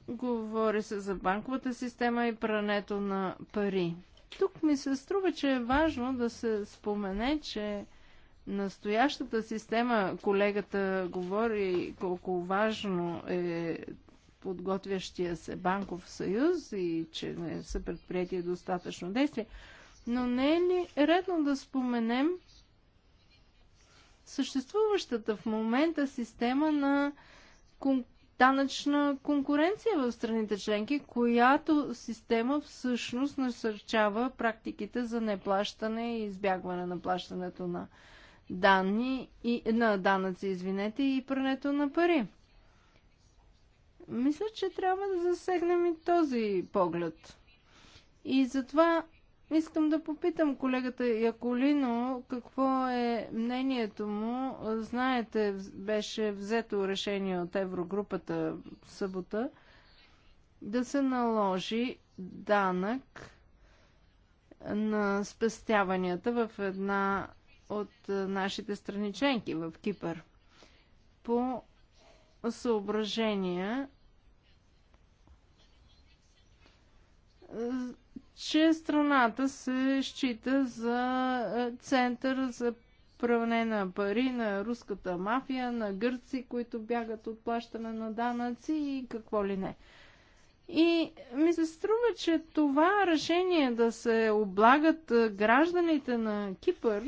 Говори се за банковата система и прането на пари. Тук ми се струва, че е важно да се спомене, че настоящата система, колегата говори колко важно е подготвящия се банков съюз и че не са предприяти достатъчно действие. Но не е ли редно да споменем съществуващата в момента система на кон... данъчна конкуренция в страните членки, която система всъщност насърчава практиките за неплащане и избягване на плащането на данни и на данъци, извинете, и прането на пари. Мисля, че трябва да засегнем и този поглед. И затова искам да попитам колегата Яколино какво е мнението му. Знаете, беше взето решение от Еврогрупата в събота да се наложи данък на спестяванията в една от нашите страни членки в Кипър. По съображения че страната се счита за е, център за пране на пари на руската мафия, на гърци, които бягат от плащане на данъци и какво ли не. И ми се струва, че това решение да се облагат е, гражданите на Кипър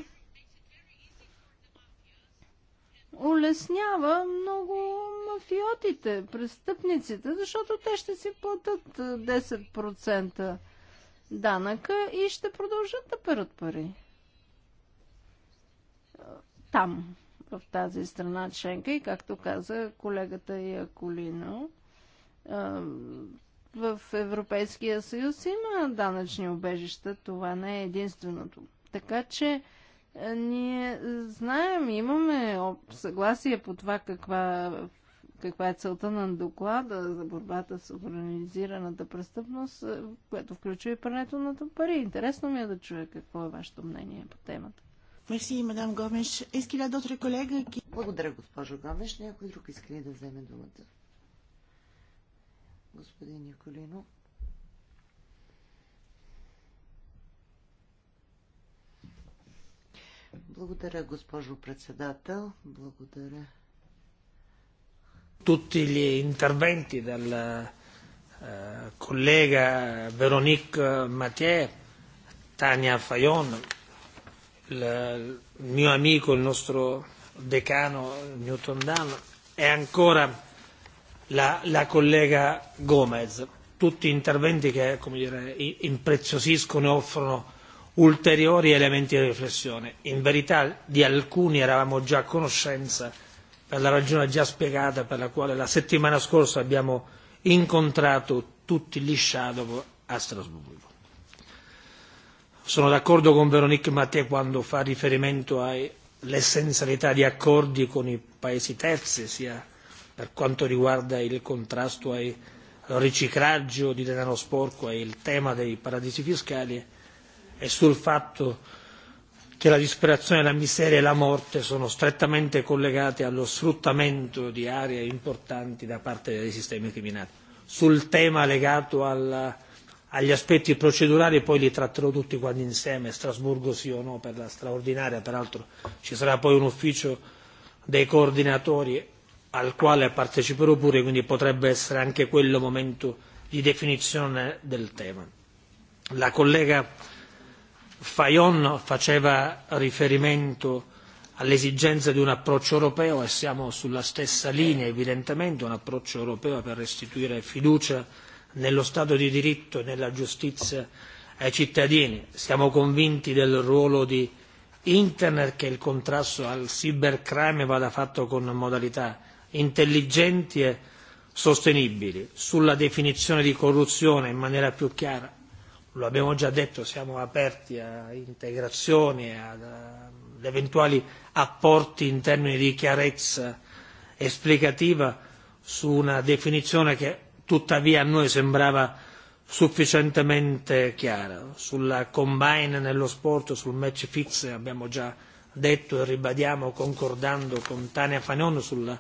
улеснява много мафиотите, престъпниците, защото те ще си платят 10% данъка и ще продължат да перат пари. Там, в тази страна членка и както каза колегата Яколино, в Европейския съюз има данъчни обежища, това не е единственото. Така че е, ние знаем, имаме съгласие по това каква, каква е целта на доклада за борбата с организираната престъпност, е, което включва и прането на пари. Интересно ми е да чуя какво е вашето мнение по темата. Мерси, мадам Гомеш. Иска ли да колега? Благодаря, госпожо Гомеш. Някой друг иска ли да вземе думата? Господин Николино. Благодаря, госпожо председател. Благодаря. Tutti gli interventi del eh, collega Veronique Mathieu, Tania Fayon, il mio amico, il nostro decano Newton Dan e ancora la, la collega Gomez. Tutti interventi che come dire, impreziosiscono e offrono ulteriori elementi di riflessione. In verità di alcuni eravamo già a conoscenza per la ragione già spiegata per la quale la settimana scorsa abbiamo incontrato tutti gli shadow a Strasburgo. Sono d'accordo con Veronique Mattei quando fa riferimento all'essenzialità di accordi con i paesi terzi, sia per quanto riguarda il contrasto al riciclaggio di denaro sporco e il tema dei paradisi fiscali, e sul fatto che la disperazione, la miseria e la morte sono strettamente collegate allo sfruttamento di aree importanti da parte dei sistemi criminali. Sul tema legato agli aspetti procedurali poi li tratterò tutti quanti insieme, Strasburgo sì o no per la straordinaria, peraltro ci sarà poi un ufficio dei coordinatori al quale parteciperò pure, quindi potrebbe essere anche quello momento di definizione del tema. La collega Fayon faceva riferimento all'esigenza di un approccio europeo e siamo sulla stessa linea, evidentemente un approccio europeo per restituire fiducia nello Stato di diritto e nella giustizia ai cittadini. Siamo convinti del ruolo di Internet che il contrasto al cybercrime vada fatto con modalità intelligenti e sostenibili. Sulla definizione di corruzione in maniera più chiara lo abbiamo già detto, siamo aperti a integrazioni, ad, ad eventuali apporti in termini di chiarezza esplicativa su una definizione che tuttavia a noi sembrava sufficientemente chiara. Sulla combine nello sport, sul match fix abbiamo già detto e ribadiamo concordando con Tania Fanon sul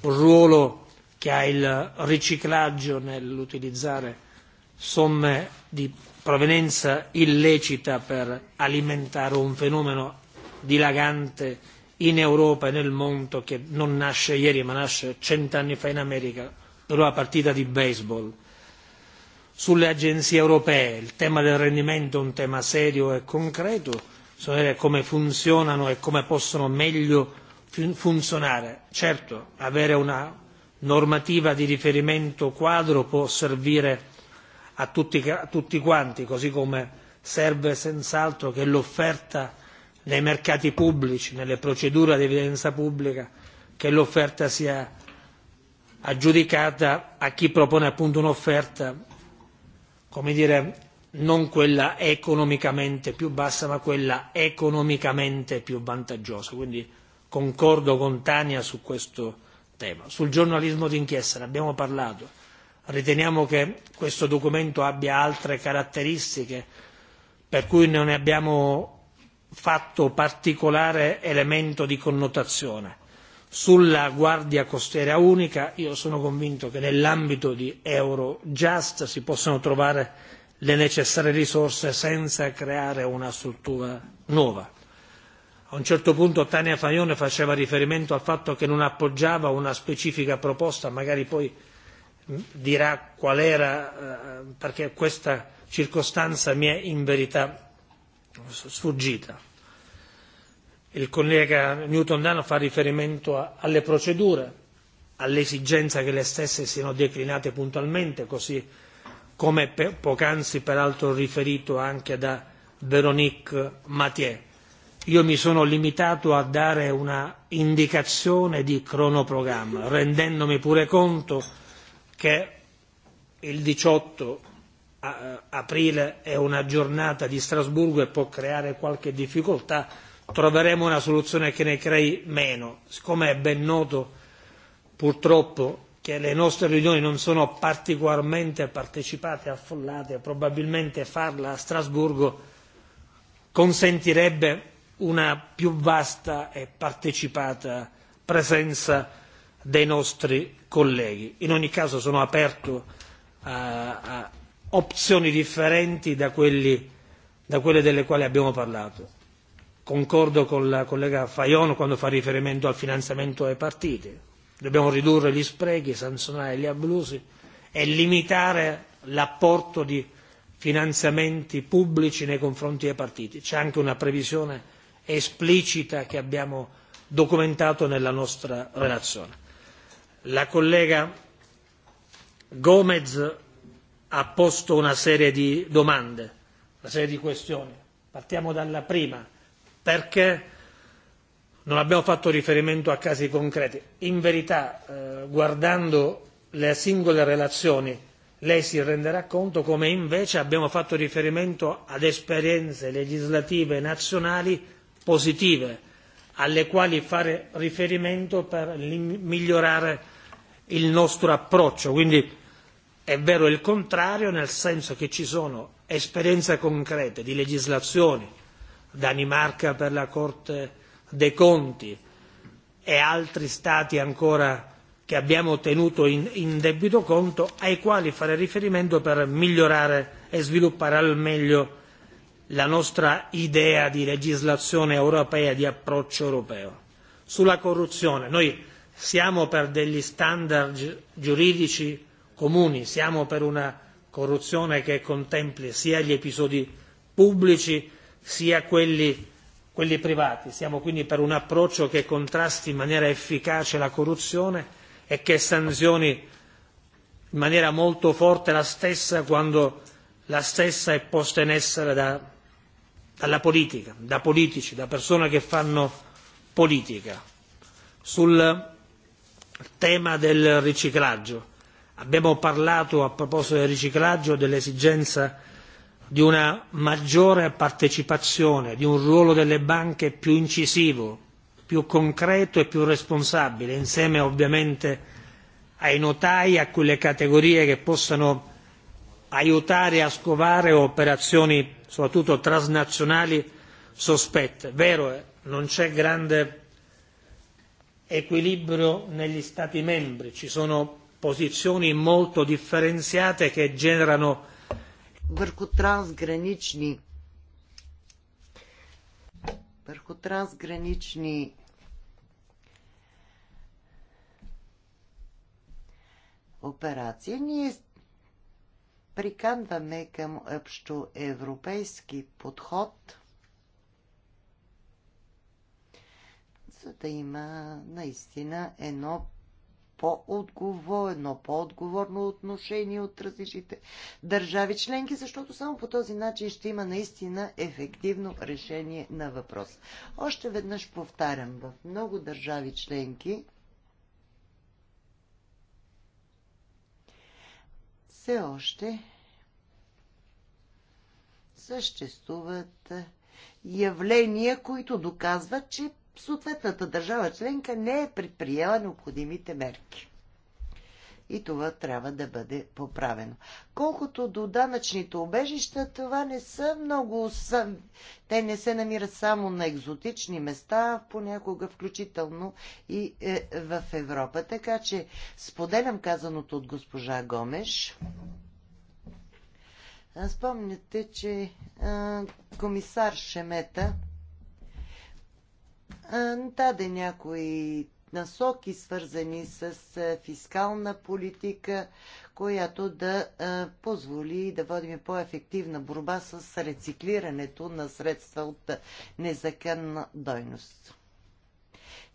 ruolo che ha il riciclaggio nell'utilizzare somme di provenienza illecita per alimentare un fenomeno dilagante in Europa e nel mondo che non nasce ieri ma nasce cent'anni fa in America per una partita di baseball. Sulle agenzie europee il tema del rendimento è un tema serio e concreto, bisogna vedere come funzionano e come possono meglio funzionare. Certo, avere una normativa di riferimento quadro può servire a tutti, a tutti quanti, così come serve senz'altro che l'offerta nei mercati pubblici, nelle procedure di evidenza pubblica, che l'offerta sia aggiudicata a chi propone appunto un'offerta, come dire, non quella economicamente più bassa, ma quella economicamente più vantaggiosa. Quindi concordo con Tania su questo tema. Sul giornalismo d'inchiesta ne abbiamo parlato Riteniamo che questo documento abbia altre caratteristiche per cui non ne abbiamo fatto particolare elemento di connotazione. Sulla Guardia Costiera Unica io sono convinto che nell'ambito di Eurojust si possano trovare le necessarie risorse senza creare una struttura nuova. A un certo punto Tania Faione faceva riferimento al fatto che non appoggiava una specifica proposta, magari poi dirà qual era, perché questa circostanza mi è in verità sfuggita. Il collega Newton Dano fa riferimento alle procedure, all'esigenza che le stesse siano declinate puntualmente, così come poc'anzi peraltro riferito anche da Véronique Mathieu. Io mi sono limitato a dare una indicazione di cronoprogramma, rendendomi pure conto che il diciotto aprile è una giornata di Strasburgo e può creare qualche difficoltà, troveremo una soluzione che ne crei meno. Siccome è ben noto purtroppo che le nostre riunioni non sono particolarmente partecipate, affollate, probabilmente farla a Strasburgo consentirebbe una più vasta e partecipata presenza dei nostri colleghi. In ogni caso sono aperto a, opzioni differenti da, quelli, da quelle delle quali abbiamo parlato. Concordo con la collega Fajon quando fa riferimento al finanziamento ai partiti. Dobbiamo ridurre gli sprechi, sanzionare gli abusi e limitare l'apporto di finanziamenti pubblici nei confronti dei partiti. C'è anche una previsione esplicita che abbiamo documentato nella nostra relazione la collega Gomez ha posto una serie di domande, una serie di questioni. Partiamo dalla prima. Perché non abbiamo fatto riferimento a casi concreti? In verità, guardando le singole relazioni, lei si renderà conto come invece abbiamo fatto riferimento ad esperienze legislative nazionali positive alle quali fare riferimento per migliorare il nostro approccio. Quindi è vero il contrario, nel senso che ci sono esperienze concrete di legislazioni, Danimarca per la Corte dei Conti e altri Stati ancora che abbiamo tenuto in, debito conto, ai quali fare riferimento per migliorare e sviluppare al meglio la nostra idea di legislazione europea, di approccio europeo. Sulla corruzione, noi siamo per degli standard giuridici comuni, siamo per una corruzione che contempli sia gli episodi pubblici sia quelli, quelli privati. Siamo quindi per un approccio che contrasti in maniera efficace la corruzione e che sanzioni in maniera molto forte la stessa quando la stessa è posta in essere da, dalla politica, da politici, da persone che fanno politica. Sul tema del riciclaggio. Abbiamo parlato a proposito del riciclaggio dell'esigenza di una maggiore partecipazione, di un ruolo delle banche più incisivo, più concreto e più responsabile, insieme ovviamente ai notai, a quelle categorie che possano aiutare a scovare operazioni soprattutto transnazionali sospette. Vero, non c'è grande equilibrio negli Stati membri, ci sono posizioni molto differenziate che generano върху трансгранични върху трансгранични операции. Ние приканваме към общоевропейски подход – да има наистина едно по-отговорно, по-отговорно отношение от различните държави членки, защото само по този начин ще има наистина ефективно решение на въпрос. Още веднъж повтарям, в много държави членки все още съществуват явления, които доказват, че съответната държава членка не е предприела необходимите мерки. И това трябва да бъде поправено. Колкото до данъчните обежища, това не са много... Те не се намират само на екзотични места, понякога включително и е, в Европа. Така че споделям казаното от госпожа Гомеш. Спомняте, че комисар Шемета даде някои насоки, свързани с фискална политика, която да позволи да водим по-ефективна борба с рециклирането на средства от незаканна дойност.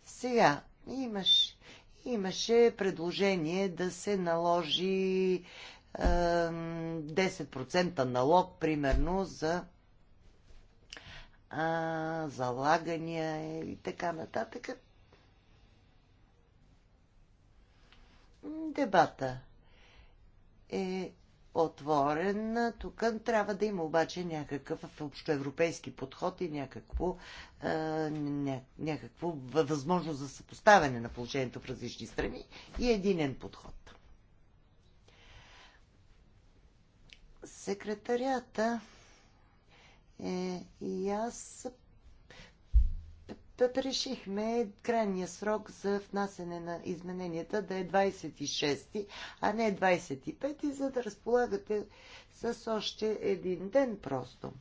Сега имаш, имаше предложение да се наложи 10% налог, примерно, за а, залагания и така нататък. Дебата е отворен. Тук трябва да има обаче някакъв общоевропейски подход и някакво, а, ня, някакво възможност за съпоставяне на положението в различни страни и единен подход. Секретарията е, и аз решихме крайния срок за внасене на измененията да е 26, а не 25, за да разполагате с още един ден просто.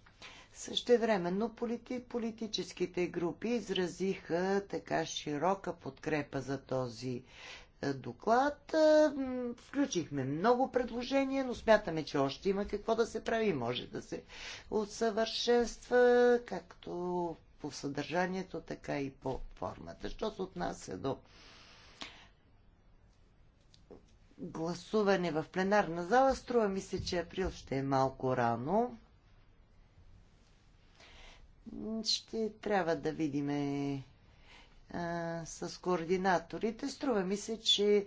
Същевременно полит... политическите групи изразиха така широка подкрепа за този доклад. Е, включихме много предложения, но смятаме, че още има какво да се прави. Може да се усъвършенства, както по съдържанието, така и по формата. Що се отнася до гласуване в пленарна зала, струва ми се, че април ще е малко рано. Ще трябва да видиме а, с координаторите. Струва ми се, че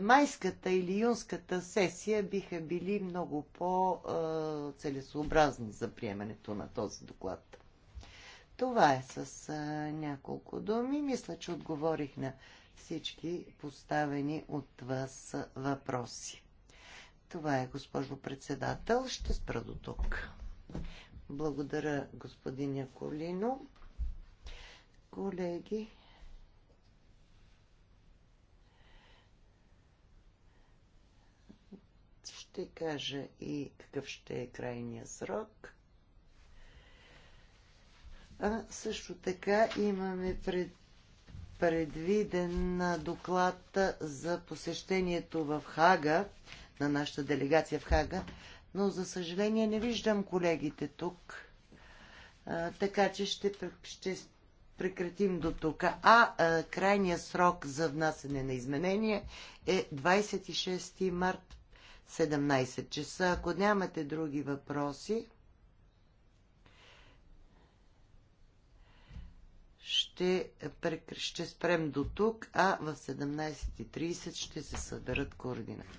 майската или юнската сесия биха били много по-целесообразни за приемането на този доклад. Това е с няколко думи. Мисля, че отговорих на всички поставени от вас въпроси. Това е, госпожо председател. Ще спра до тук. Благодаря, господин Яколино. Колеги, ще кажа и какъв ще е крайния срок. А също така имаме пред, предвиден доклад за посещението в Хага, на нашата делегация в Хага, но за съжаление не виждам колегите тук. А, така че ще, ще прекратим до тук. А, а крайният срок за внасене на изменения е 26 март 17 часа. Ако нямате други въпроси, ще, ще спрем до тук, а в 17.30 ще се съберат координати.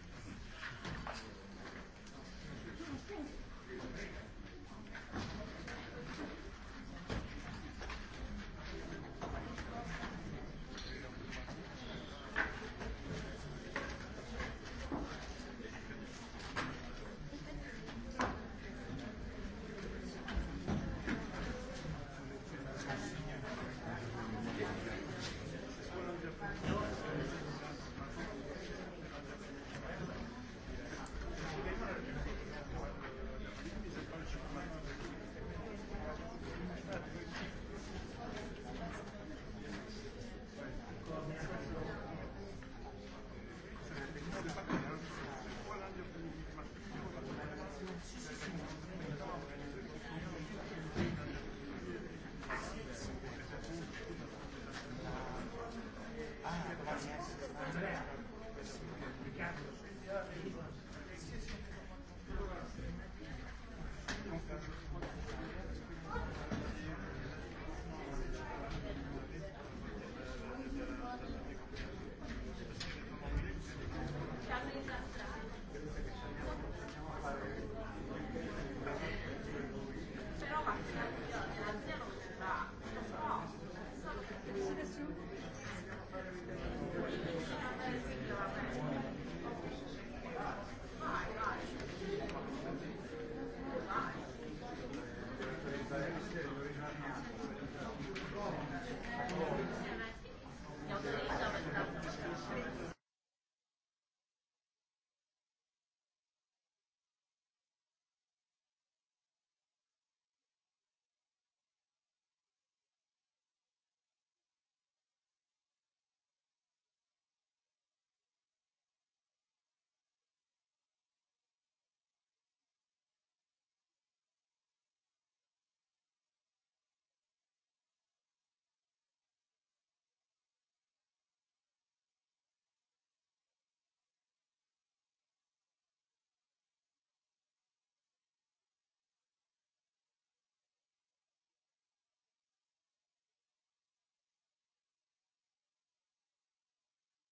Thank you.